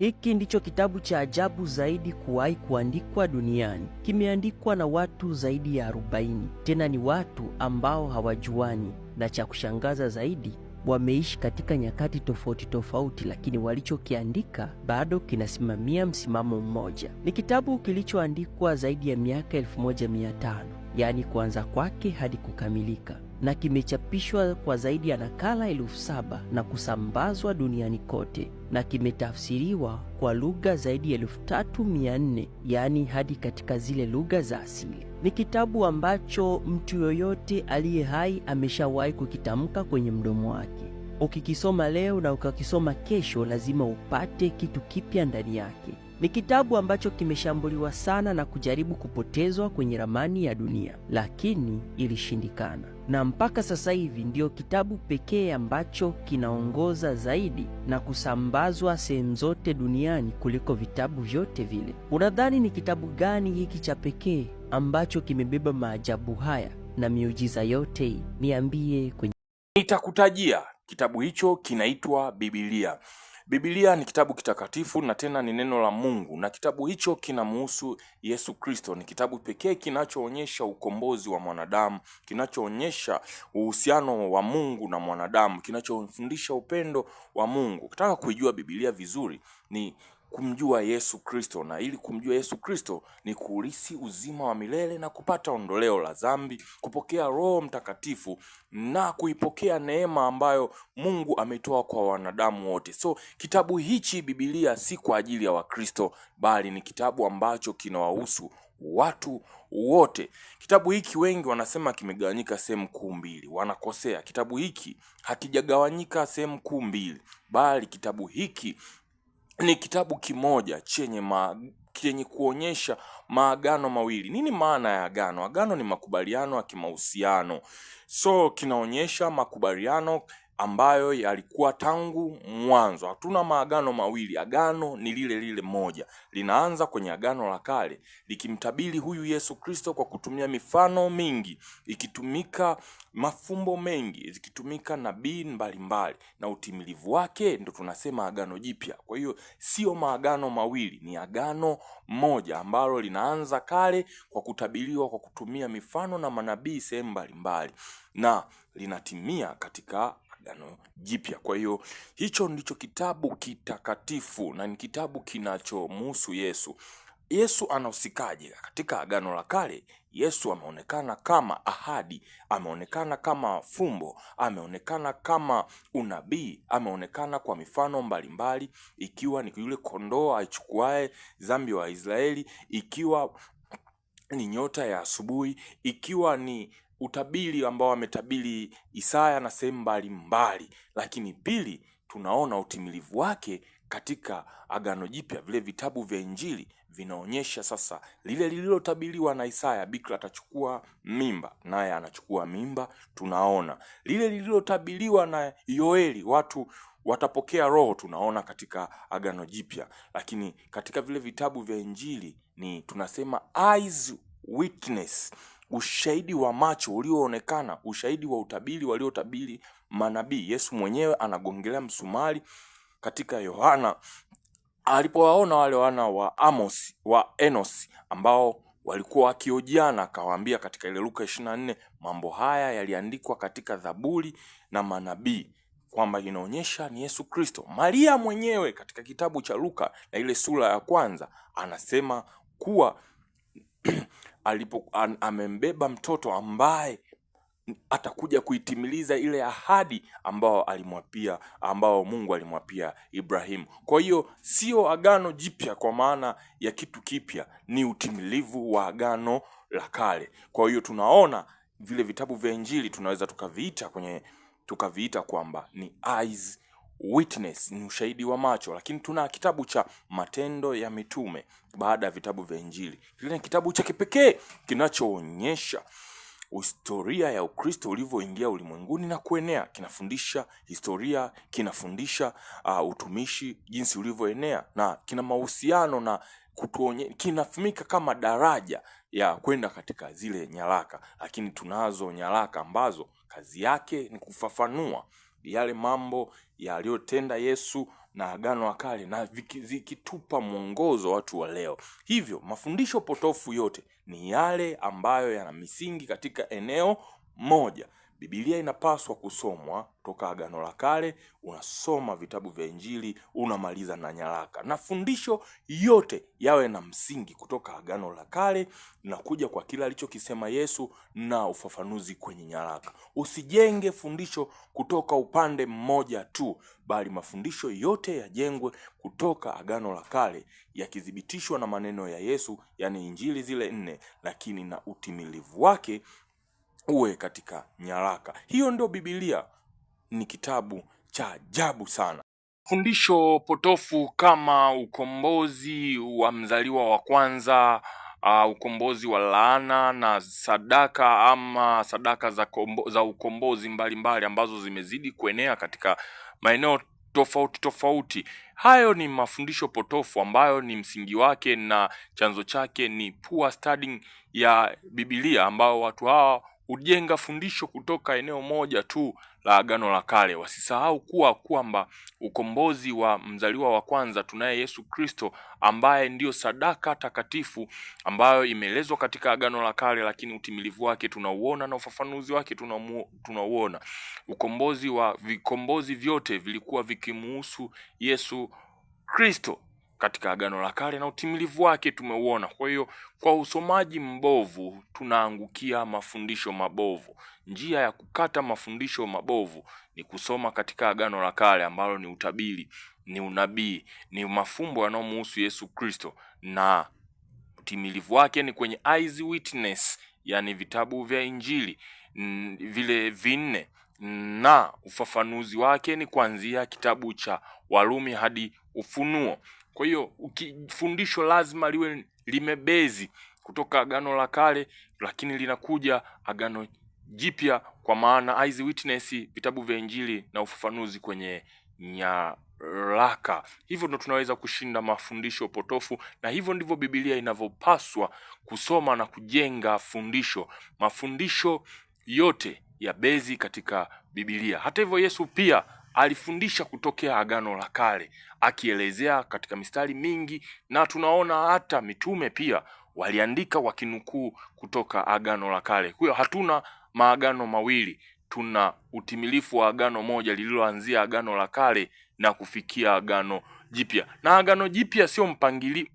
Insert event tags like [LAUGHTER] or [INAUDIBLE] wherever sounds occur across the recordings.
Hiki ndicho kitabu cha ajabu zaidi kuwahi kuandikwa duniani. Kimeandikwa na watu zaidi ya 40, tena ni watu ambao hawajuani, na cha kushangaza zaidi wameishi katika nyakati tofauti tofauti, lakini walichokiandika bado kinasimamia msimamo mmoja. Ni kitabu kilichoandikwa zaidi ya miaka 1500, yaani kuanza kwake hadi kukamilika na kimechapishwa kwa zaidi ya nakala elfu saba na kusambazwa duniani kote na kimetafsiriwa kwa lugha zaidi ya elfu tatu mia nne yaani hadi katika zile lugha za asili. Ni kitabu ambacho mtu yoyote aliye hai ameshawahi kukitamka kwenye mdomo wake. Ukikisoma leo na ukakisoma kesho, lazima upate kitu kipya ndani yake. Ni kitabu ambacho kimeshambuliwa sana na kujaribu kupotezwa kwenye ramani ya dunia, lakini ilishindikana, na mpaka sasa hivi ndiyo kitabu pekee ambacho kinaongoza zaidi na kusambazwa sehemu zote duniani kuliko vitabu vyote vile. Unadhani ni kitabu gani hiki cha pekee ambacho kimebeba maajabu haya na miujiza yote hii? Niambie kwenye. Nitakutajia kitabu hicho kinaitwa Biblia. Biblia ni kitabu kitakatifu na tena ni neno la Mungu, na kitabu hicho kinamhusu Yesu Kristo. Ni kitabu pekee kinachoonyesha ukombozi wa mwanadamu, kinachoonyesha uhusiano wa Mungu na mwanadamu, kinachofundisha upendo wa Mungu. Ukitaka kuijua Biblia vizuri ni kumjua Yesu Kristo, na ili kumjua Yesu Kristo ni kuulisi uzima wa milele na kupata ondoleo la dhambi, kupokea Roho Mtakatifu na kuipokea neema ambayo Mungu ametoa kwa wanadamu wote. So kitabu hichi Biblia si kwa ajili ya Wakristo, bali ni kitabu ambacho kinawahusu watu wote. Kitabu hiki wengi wanasema kimegawanyika sehemu kuu mbili, wanakosea. Kitabu hiki hakijagawanyika sehemu kuu mbili, bali kitabu hiki ni kitabu kimoja chenye ma, chenye kuonyesha maagano mawili. Nini maana ya agano? Agano ni makubaliano ya kimahusiano, so kinaonyesha makubaliano ambayo yalikuwa tangu mwanzo. Hatuna maagano mawili, agano ni lile lile moja, linaanza kwenye agano la kale likimtabiri huyu Yesu Kristo kwa kutumia mifano mingi, ikitumika mafumbo mengi, zikitumika nabii mbalimbali, na utimilivu wake ndo tunasema agano jipya. Kwa hiyo sio maagano mawili, ni agano moja ambalo linaanza kale kwa kutabiriwa kwa kutumia mifano na manabii sehemu mbalimbali na linatimia katika agano jipya. Kwa hiyo hicho ndicho kitabu kitakatifu na ni kitabu kinachomhusu Yesu. Yesu anahusikaje katika agano la kale? Yesu ameonekana kama ahadi, ameonekana kama fumbo, ameonekana kama unabii, ameonekana kwa mifano mbalimbali mbali, ikiwa ni yule kondoo aichukuae dhambi wa Israeli, ikiwa ni nyota ya asubuhi, ikiwa ni utabiri ambao ametabiri Isaya na sehemu mbalimbali, lakini pili, tunaona utimilivu wake katika Agano Jipya. Vile vitabu vya Injili vinaonyesha sasa lile lililotabiriwa na Isaya, bikra atachukua mimba, naye anachukua mimba. Tunaona lile lililotabiliwa na Yoeli, watu watapokea Roho, tunaona katika Agano Jipya. Lakini katika vile vitabu vya Injili ni tunasema eyes witness ushahidi wa macho ulioonekana, ushahidi wa utabiri waliotabiri manabii. Yesu mwenyewe anagongelea msumari katika Yohana alipowaona wale wana wa Amos wa Enos ambao walikuwa wakiojiana, akawaambia katika ile Luka 24 mambo haya yaliandikwa katika Zaburi na manabii kwamba inaonyesha ni Yesu Kristo. Maria mwenyewe katika kitabu cha Luka na ile sura ya kwanza anasema kuwa [CLEARS THROAT] alipo an, amembeba mtoto ambaye atakuja kuitimiliza ile ahadi ambao alimwapia ambao Mungu alimwapia Ibrahimu. Kwa hiyo sio agano jipya kwa maana ya kitu kipya, ni utimilivu wa agano la kale. Kwa hiyo tunaona vile vitabu vya Injili tunaweza tukaviita kwenye tukaviita kwamba ni eyes Witness ni ushahidi wa macho, lakini tuna kitabu cha Matendo ya Mitume baada ya vitabu vya Injili. Kile ni kitabu cha kipekee kinachoonyesha historia ya Ukristo ulivyoingia ulimwenguni na kuenea. Kinafundisha historia, kinafundisha uh, utumishi, jinsi ulivyoenea, na kina mahusiano na kutuonye, kinafumika kama daraja ya kwenda katika zile nyaraka, lakini tunazo nyaraka ambazo kazi yake ni kufafanua yale mambo yaliyotenda Yesu na Agano la Kale na zikitupa mwongozo watu wa leo. Hivyo mafundisho potofu yote ni yale ambayo yana misingi katika eneo moja. Biblia inapaswa kusomwa toka Agano la Kale, unasoma vitabu vya Injili, unamaliza na nyaraka, na fundisho yote yawe na msingi kutoka Agano la Kale na kuja kwa kila alichokisema Yesu na ufafanuzi kwenye nyaraka. Usijenge fundisho kutoka upande mmoja tu, bali mafundisho yote yajengwe kutoka Agano la Kale, yakithibitishwa na maneno ya Yesu, yani Injili zile nne, lakini na utimilivu wake uwe katika nyaraka. Hiyo ndio Biblia, ni kitabu cha ajabu sana. Fundisho potofu kama ukombozi wa mzaliwa wa kwanza Uh, ukombozi wa laana na sadaka ama sadaka za, kombo, za ukombozi mbalimbali mbali ambazo zimezidi kuenea katika maeneo tofauti tofauti. Hayo ni mafundisho potofu ambayo ni msingi wake na chanzo chake ni poor studying ya Biblia, ambao watu hawa hujenga fundisho kutoka eneo moja tu la Agano la Kale. Wasisahau kuwa kwamba ukombozi wa mzaliwa wa kwanza tunaye Yesu Kristo ambaye ndiyo sadaka takatifu ambayo imeelezwa katika Agano la Kale, lakini utimilivu wake tunauona na ufafanuzi wake tunauona. Ukombozi wa vikombozi vyote vilikuwa vikimuhusu Yesu Kristo katika Agano la Kale na utimilivu wake tumeuona. Kwa hiyo, kwa usomaji mbovu tunaangukia mafundisho mabovu. Njia ya kukata mafundisho mabovu ni kusoma katika Agano la Kale ambalo ni utabiri, ni unabii, ni mafumbo yanayomhusu Yesu Kristo, na utimilivu wake ni kwenye Eyes Witness, yani vitabu vya Injili mm, vile vinne na ufafanuzi wake ni kuanzia kitabu cha Warumi hadi Ufunuo. Kwa hiyo fundisho lazima liwe limebezi kutoka Agano la Kale, lakini linakuja Agano Jipya kwa maana Eyes Witness, vitabu vya Injili na ufafanuzi kwenye nyaraka. Hivyo ndo tunaweza kushinda mafundisho potofu, na hivyo ndivyo Biblia inavyopaswa kusoma na kujenga fundisho. Mafundisho yote ya bezi katika Biblia. Hata hivyo Yesu pia alifundisha kutokea Agano la Kale akielezea katika mistari mingi, na tunaona hata mitume pia waliandika wakinukuu kutoka Agano la Kale. Kwa hiyo hatuna maagano mawili, tuna utimilifu wa agano moja lililoanzia Agano la Kale na kufikia Agano Jipya, na Agano Jipya sio mpangilio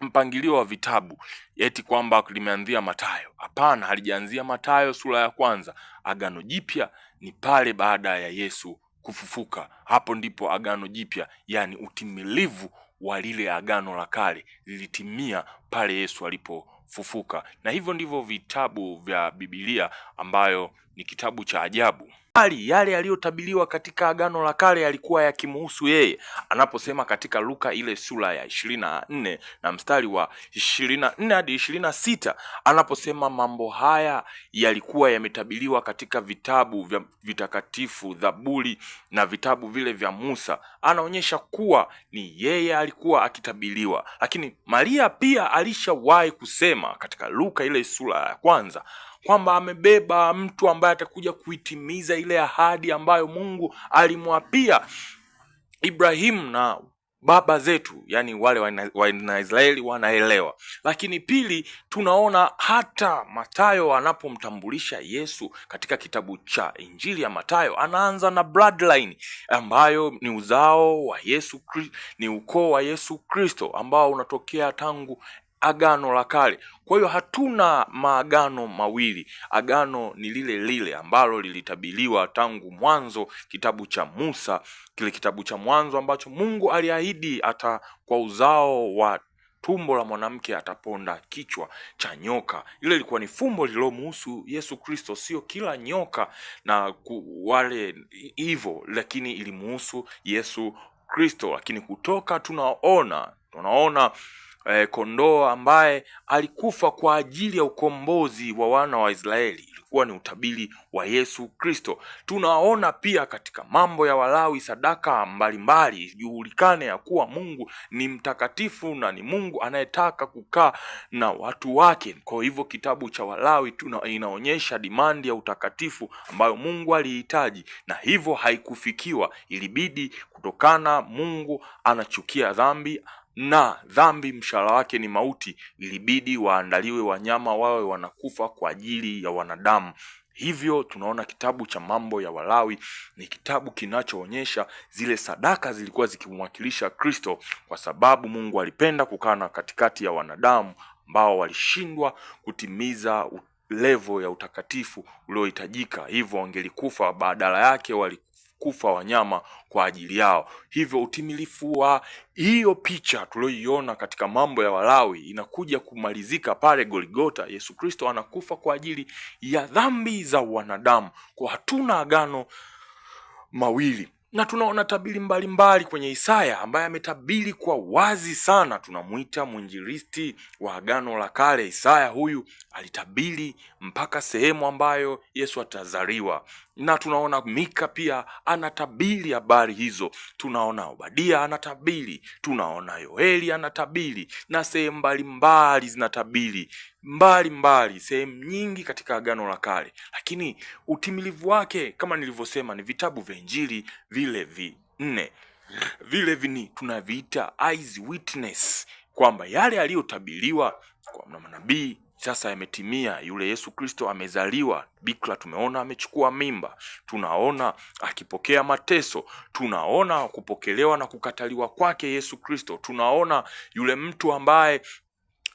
mpangilio wa vitabu eti kwamba limeanzia Mathayo. Hapana, halijaanzia Mathayo sura ya kwanza. Agano Jipya ni pale baada ya Yesu kufufuka. Hapo ndipo agano jipya, yaani utimilivu wa lile agano la kale lilitimia pale Yesu alipofufuka. Na hivyo ndivyo vitabu vya Biblia ambayo ni kitabu cha ajabu bali yale yaliyotabiliwa katika Agano la Kale yalikuwa yakimuhusu yeye, anaposema katika Luka ile sura ya ishirini na nne na mstari wa ishirini na nne hadi ishirini na sita anaposema mambo haya yalikuwa yametabiliwa katika vitabu vya vitakatifu, Zaburi na vitabu vile vya Musa. Anaonyesha kuwa ni yeye alikuwa akitabiliwa lakini Maria pia alishawahi kusema katika Luka ile sura ya kwanza kwamba amebeba mtu ambaye atakuja kuitimiza ile ahadi ambayo Mungu alimwapia Ibrahimu na baba zetu, yani wale Wanaisraeli wanaelewa. Lakini pili, tunaona hata Mathayo anapomtambulisha Yesu katika kitabu cha Injili ya Mathayo, anaanza na bloodline ambayo ni uzao wa Yesu, ni ukoo wa Yesu Kristo ambao unatokea tangu agano la kale. Kwa hiyo hatuna maagano mawili. Agano ni lile lile ambalo lilitabiliwa tangu mwanzo, kitabu cha Musa, kile kitabu cha mwanzo ambacho Mungu aliahidi hata kwa uzao wa tumbo la mwanamke ataponda kichwa cha nyoka. Ile ilikuwa ni fumbo lililomhusu Yesu Kristo, sio kila nyoka na wale hivyo, lakini ilimuhusu Yesu Kristo. Lakini kutoka tunaona tunaona eh, kondoo ambaye alikufa kwa ajili ya ukombozi wa wana wa Israeli. Ilikuwa ni utabiri wa Yesu Kristo. Tunaona pia katika mambo ya Walawi sadaka mbalimbali ijulikane ya kuwa Mungu ni mtakatifu na ni Mungu anayetaka kukaa na watu wake. Kwa hivyo kitabu cha Walawi tuna, inaonyesha dimandi ya utakatifu ambayo Mungu alihitaji na hivyo haikufikiwa. Ilibidi kutokana Mungu anachukia dhambi na dhambi mshahara wake ni mauti, ilibidi waandaliwe wanyama wawe wanakufa kwa ajili ya wanadamu. Hivyo tunaona kitabu cha Mambo ya Walawi ni kitabu kinachoonyesha zile sadaka zilikuwa zikimwakilisha Kristo, kwa sababu Mungu alipenda kukana katikati ya wanadamu ambao walishindwa kutimiza levo ya utakatifu uliohitajika, hivyo wangelikufa, badala yake wali kufa wanyama kwa ajili yao. Hivyo utimilifu wa hiyo picha tulioiona katika mambo ya Walawi inakuja kumalizika pale Golgota. Yesu Kristo anakufa kwa ajili ya dhambi za wanadamu, kwa hatuna agano mawili na tunaona tabiri mbalimbali kwenye Isaya ambaye ametabiri kwa wazi sana. Tunamwita mwinjilisti wa Agano la Kale. Isaya huyu alitabiri mpaka sehemu ambayo Yesu atazaliwa na tunaona Mika pia anatabiri habari hizo. Tunaona Obadia anatabiri, tunaona Yoeli anatabiri, na sehemu mbalimbali zinatabiri mbalimbali, sehemu nyingi katika Agano la Kale, lakini utimilivu wake kama nilivyosema ni vitabu vya Injili vile vinne vile vini tunaviita eyewitness, kwamba yale yaliyotabiriwa kwa manabii sasa yametimia, yule Yesu Kristo amezaliwa, bikira tumeona amechukua mimba, tunaona akipokea mateso, tunaona kupokelewa na kukataliwa kwake Yesu Kristo, tunaona yule mtu ambaye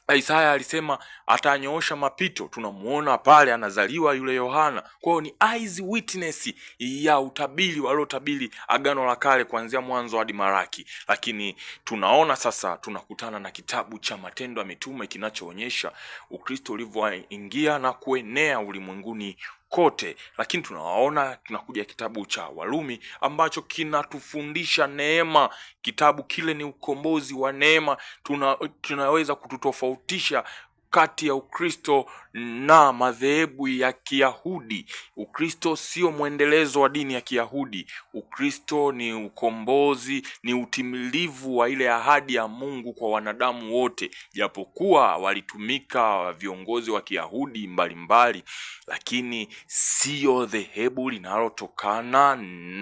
Isaya alisema atanyoosha mapito, tunamuona pale anazaliwa yule Yohana. Kwa hiyo ni eyes witness ya utabiri waliotabiri Agano la Kale kuanzia Mwanzo hadi Maraki, lakini tunaona sasa tunakutana na kitabu cha Matendo ya Mitume kinachoonyesha Ukristo ulivyoingia na kuenea ulimwenguni kote, lakini tunawaona kinakuja kitabu cha walumi ambacho kinatufundisha neema. Kitabu kile ni ukombozi wa neema, tuna, tunaweza kututofautisha kati ya Ukristo na madhehebu ya Kiyahudi. Ukristo sio mwendelezo wa dini ya Kiyahudi. Ukristo ni ukombozi, ni utimilivu wa ile ahadi ya Mungu kwa wanadamu wote. Japokuwa walitumika viongozi wa Kiyahudi mbalimbali, lakini siyo dhehebu linalotokana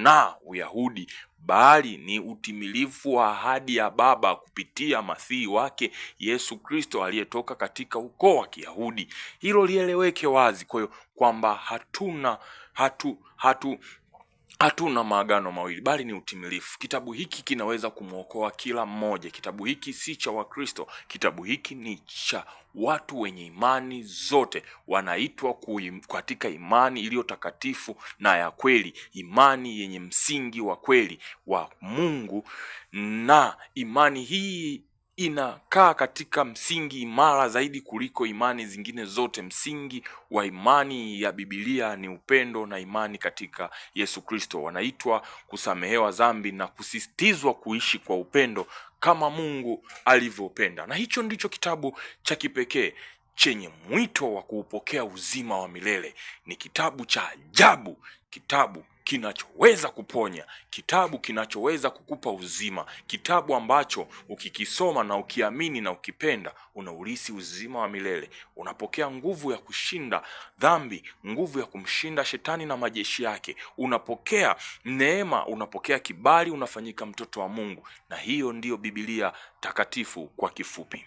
na Uyahudi bali ni utimilifu wa ahadi ya Baba kupitia Masihi wake Yesu Kristo aliyetoka katika ukoo wa Kiyahudi. Hilo lieleweke wazi, kwa hiyo kwamba hatuna hatu, hatu Hatuna maagano mawili bali ni utimilifu. Kitabu hiki kinaweza kumwokoa kila mmoja. Kitabu hiki si cha Wakristo, kitabu hiki ni cha watu wenye imani zote. Wanaitwa katika imani iliyo takatifu na ya kweli, imani yenye msingi wa kweli wa Mungu, na imani hii inakaa katika msingi imara zaidi kuliko imani zingine zote. Msingi wa imani ya Biblia ni upendo na imani katika Yesu Kristo. Wanaitwa kusamehewa dhambi na kusisitizwa kuishi kwa upendo kama Mungu alivyopenda, na hicho ndicho kitabu cha kipekee chenye mwito wa kuupokea uzima wa milele. Ni kitabu cha ajabu, kitabu kinachoweza kuponya, kitabu kinachoweza kukupa uzima, kitabu ambacho ukikisoma na ukiamini na ukipenda, unaurisi uzima wa milele. Unapokea nguvu ya kushinda dhambi, nguvu ya kumshinda shetani na majeshi yake. Unapokea neema, unapokea kibali, unafanyika mtoto wa Mungu, na hiyo ndiyo Biblia takatifu kwa kifupi.